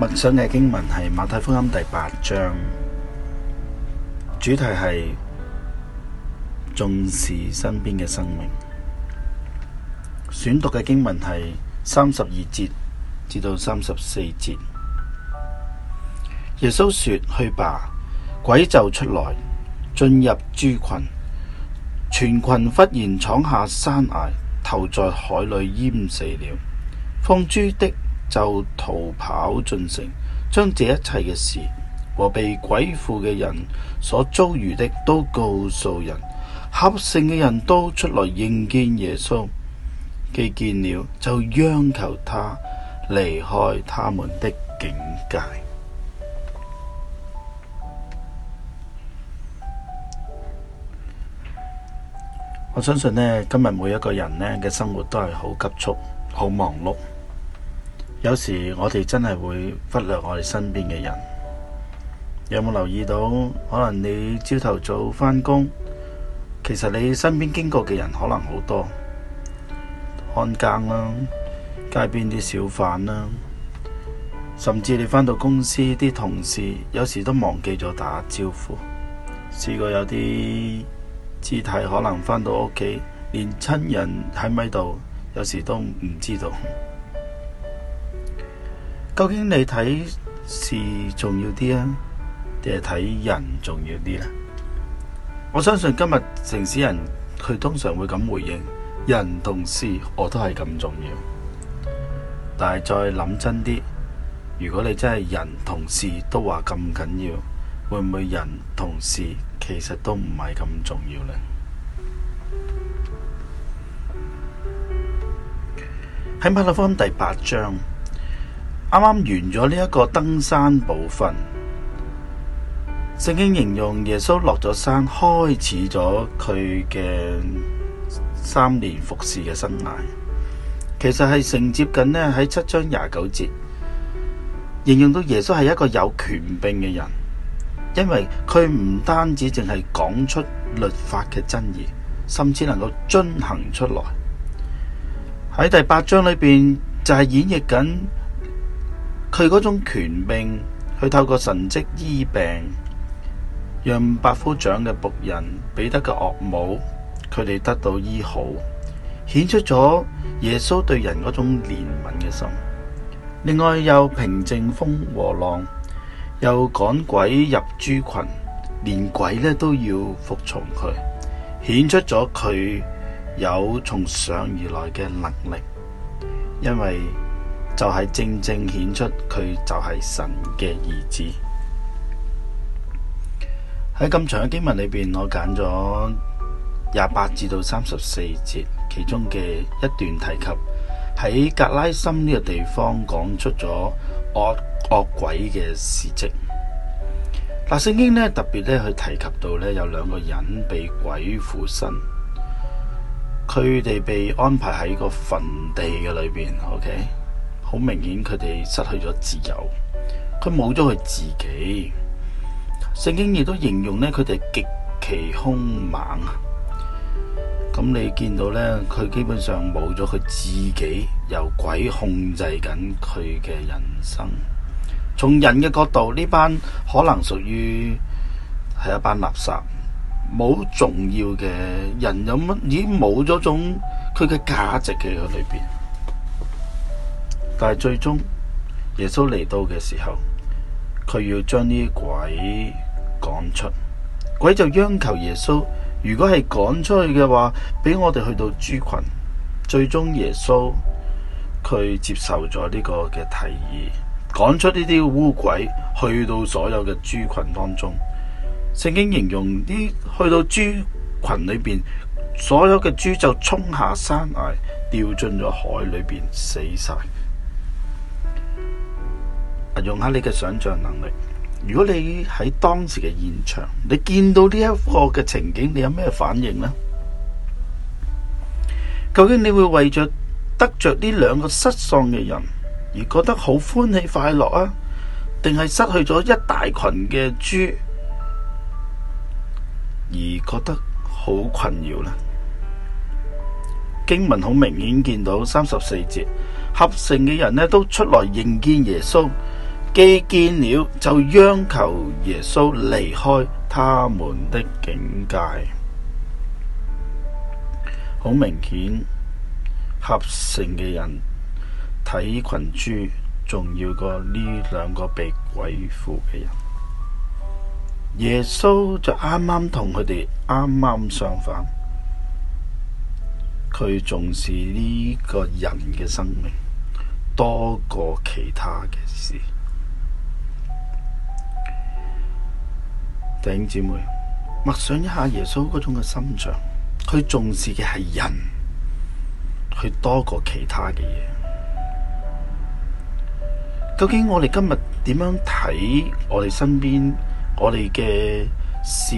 默想嘅經文係馬太福音第八章，主題係重視身邊嘅生命。選讀嘅經文係三十二節至到三十四節。耶穌說：去吧，鬼就出來，進入豬群，全群忽然闖下山崖，投在海裏淹死了。放豬的，就逃跑進城，將這一切嘅事和被鬼附嘅人所遭遇的都告訴人。合城嘅人都出來應見耶穌，既見了，就央求他離開他們的境界。 我相信呢，今日每一個人呢嘅生活都係好急促、好忙碌。有時我哋真係會忽略我哋身邊嘅人，有冇留意到？可能你朝頭早返工，其實你身邊經過嘅人可能好多，看更啦、啊，街邊啲小販啦、啊，甚至你返到公司啲同事，有時都忘記咗打招呼。試過有啲肢體，可能返到屋企，連親人喺咪度，有時都唔知道。究竟你睇事重要啲啊，定係睇人重要啲咧？我相信今日城市人佢通常會咁回應：人同事我都係咁重要。但係再諗真啲，如果你真係人同事都話咁緊要，會唔會人同事其實都唔係咁重要呢？喺《馬太福音》第八章。啱啱完咗呢一個登山部分，聖經形容耶穌落咗山，開始咗佢嘅三年服侍嘅生涯。其實係承接緊咧喺七章廿九節，形容到耶穌係一個有權柄嘅人，因為佢唔單止淨係講出律法嘅真義，甚至能夠遵行出來。喺第八章裏邊就係、是、演繹緊。佢嗰種權柄，佢透過神蹟醫病，讓百夫長嘅僕人、彼得嘅岳母，佢哋得到醫好，顯出咗耶穌對人嗰種憐憫嘅心。另外又平靜風和浪，又趕鬼入豬群，連鬼呢都要服從佢，顯出咗佢有從上而來嘅能力，因為，就係正正顯出佢就係神嘅意志。喺咁長嘅經文裏邊，我揀咗廿八至到三十四節，其中嘅一段提及喺格拉森呢個地方講出咗惡惡鬼嘅事跡。嗱，聖經咧特別咧去提及到咧有兩個人被鬼附身，佢哋被安排喺個墳地嘅裏邊，OK。好明顯，佢哋失去咗自由，佢冇咗佢自己。聖經亦都形容咧，佢哋極其凶猛。咁你見到咧，佢基本上冇咗佢自己，由鬼控制緊佢嘅人生。從人嘅角度，呢班可能屬於係一班垃圾，冇重要嘅人，有乜已經冇咗種佢嘅價值嘅喺佢裏邊。但係最終耶穌嚟到嘅時候，佢要將呢啲鬼趕出，鬼就央求耶穌，如果係趕出去嘅話，俾我哋去到豬群。最終耶穌佢接受咗呢個嘅提議，趕出呢啲污鬼去到所有嘅豬群當中。聖經形容呢，去到豬群裏邊，所有嘅豬就衝下山崖，掉進咗海裏邊，死晒。用下你嘅想象能力。如果你喺當時嘅現場，你見到呢一個嘅情景，你有咩反應呢？究竟你會為着得着呢兩個失喪嘅人而覺得好歡喜快樂啊，定係失去咗一大群嘅豬而覺得好困擾呢？經文好明顯見到三十四節，合城嘅人呢，都出來迎見耶穌。既見了，就央求耶穌離開他們的境界。好明顯，合城嘅人睇群豬，仲重要過呢兩個被鬼附嘅人。耶穌就啱啱同佢哋啱啱相反，佢重視呢個人嘅生命多過其他嘅事。弟兄姐妹，默想一下耶穌嗰種嘅心腸，佢重視嘅係人，佢多過其他嘅嘢。究竟我哋今日點樣睇我哋身邊我哋嘅事，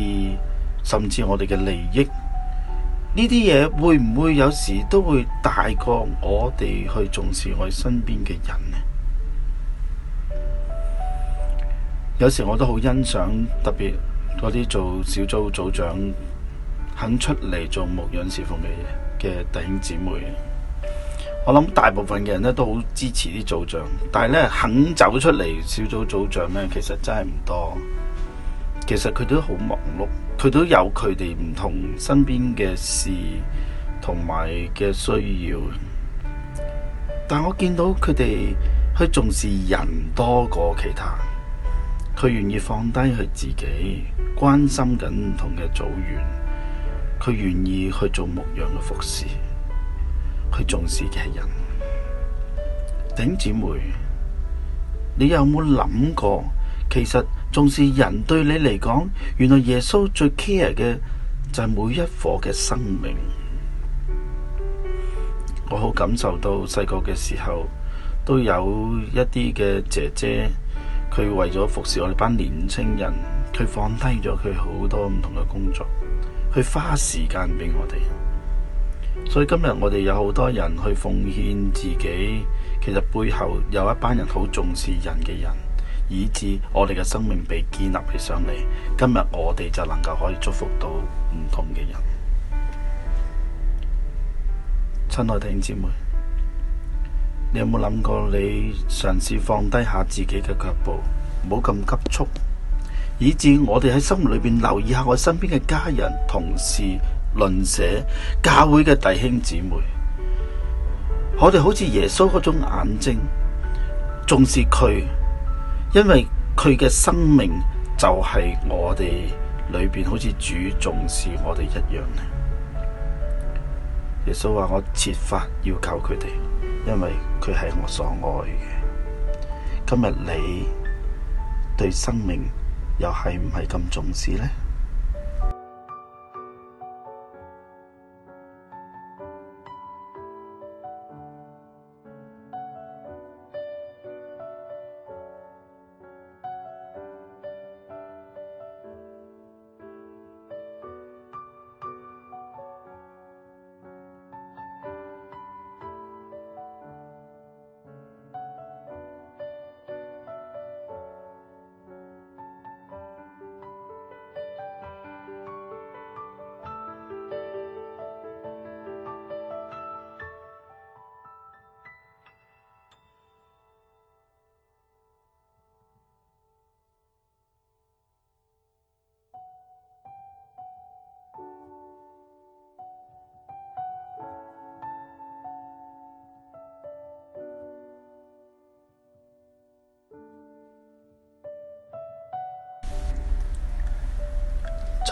甚至我哋嘅利益呢啲嘢，會唔會有時都會大過我哋去重視我哋身邊嘅人呢？有時我都好欣賞，特別。嗰啲做小組組長肯出嚟做牧養事奉嘅嘅弟兄姊妹，我諗大部分嘅人咧都好支持啲組長，但係咧肯走出嚟小組組長咧，其實真係唔多。其實佢都好忙碌，佢都有佢哋唔同身邊嘅事同埋嘅需要，但我見到佢哋去重視人多過其他。佢願意放低佢自己，關心緊唔同嘅組員，佢願意去做牧羊嘅服侍，佢重視嘅人。頂姐妹，你有冇諗過？其實重視人對你嚟講，原來耶穌最 care 嘅就係每一顆嘅生命。我好感受到細個嘅時候都有一啲嘅姐姐。佢為咗服侍我哋班年青人，佢放低咗佢好多唔同嘅工作，去花時間俾我哋。所以今日我哋有好多人去奉獻自己，其實背後有一班人好重視人嘅人，以致我哋嘅生命被建立起上嚟。今日我哋就能夠可以祝福到唔同嘅人。親愛弟兄姊妹。你有冇諗過？你嘗試放低下自己嘅腳步，唔好咁急促，以至我哋喺生活裏邊留意下我身邊嘅家人、同事、鄰舍、教會嘅弟兄姊妹。我哋好似耶穌嗰種眼睛，重視佢，因為佢嘅生命就係我哋裏邊好似主重視我哋一樣咧。耶穌話：我設法要救佢哋，因為佢係我所愛嘅。今日你對生命又係唔係咁重視咧？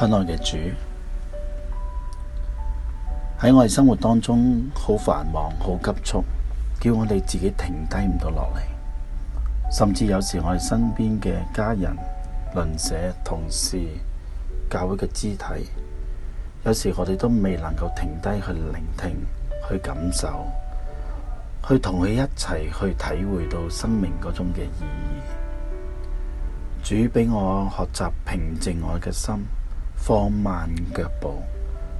親愛嘅主，喺我哋生活當中好繁忙，好急促，叫我哋自己停低唔到落嚟。甚至有時我哋身邊嘅家人、鄰舍、同事、教會嘅肢體，有時我哋都未能夠停低去聆聽、去感受、去同佢一齊去體會到生命嗰種嘅意義。主俾我學習平靜我嘅心。放慢腳步，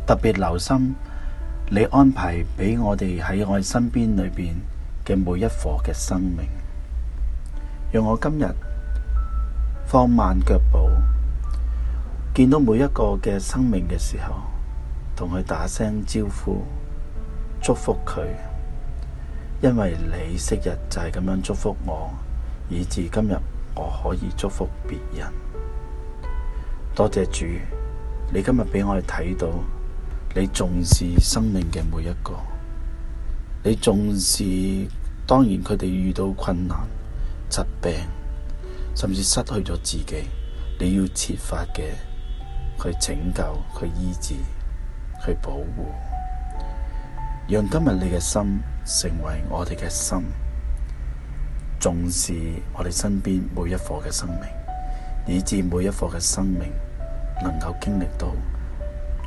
特別留心你安排俾我哋喺我身邊裏邊嘅每一顆嘅生命，讓我今日放慢腳步，見到每一個嘅生命嘅時候，同佢打聲招呼，祝福佢，因為你昔日就係咁樣祝福我，以至今日我可以祝福別人，多謝主。你今日俾我哋睇到，你重視生命嘅每一個，你重視當然佢哋遇到困難、疾病，甚至失去咗自己，你要設法嘅去拯救、去醫治、去保護，讓今日你嘅心成為我哋嘅心，重視我哋身邊每一顆嘅生命，以至每一顆嘅生命。能夠經歷到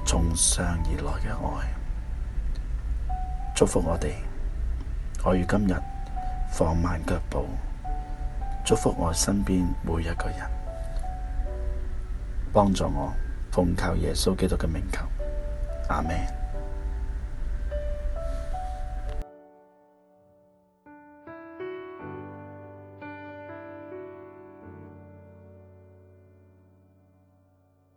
從上而來嘅愛，祝福我哋。我於今日放慢腳步，祝福我身邊每一個人，幫助我，奉靠耶穌基督嘅名求，阿門。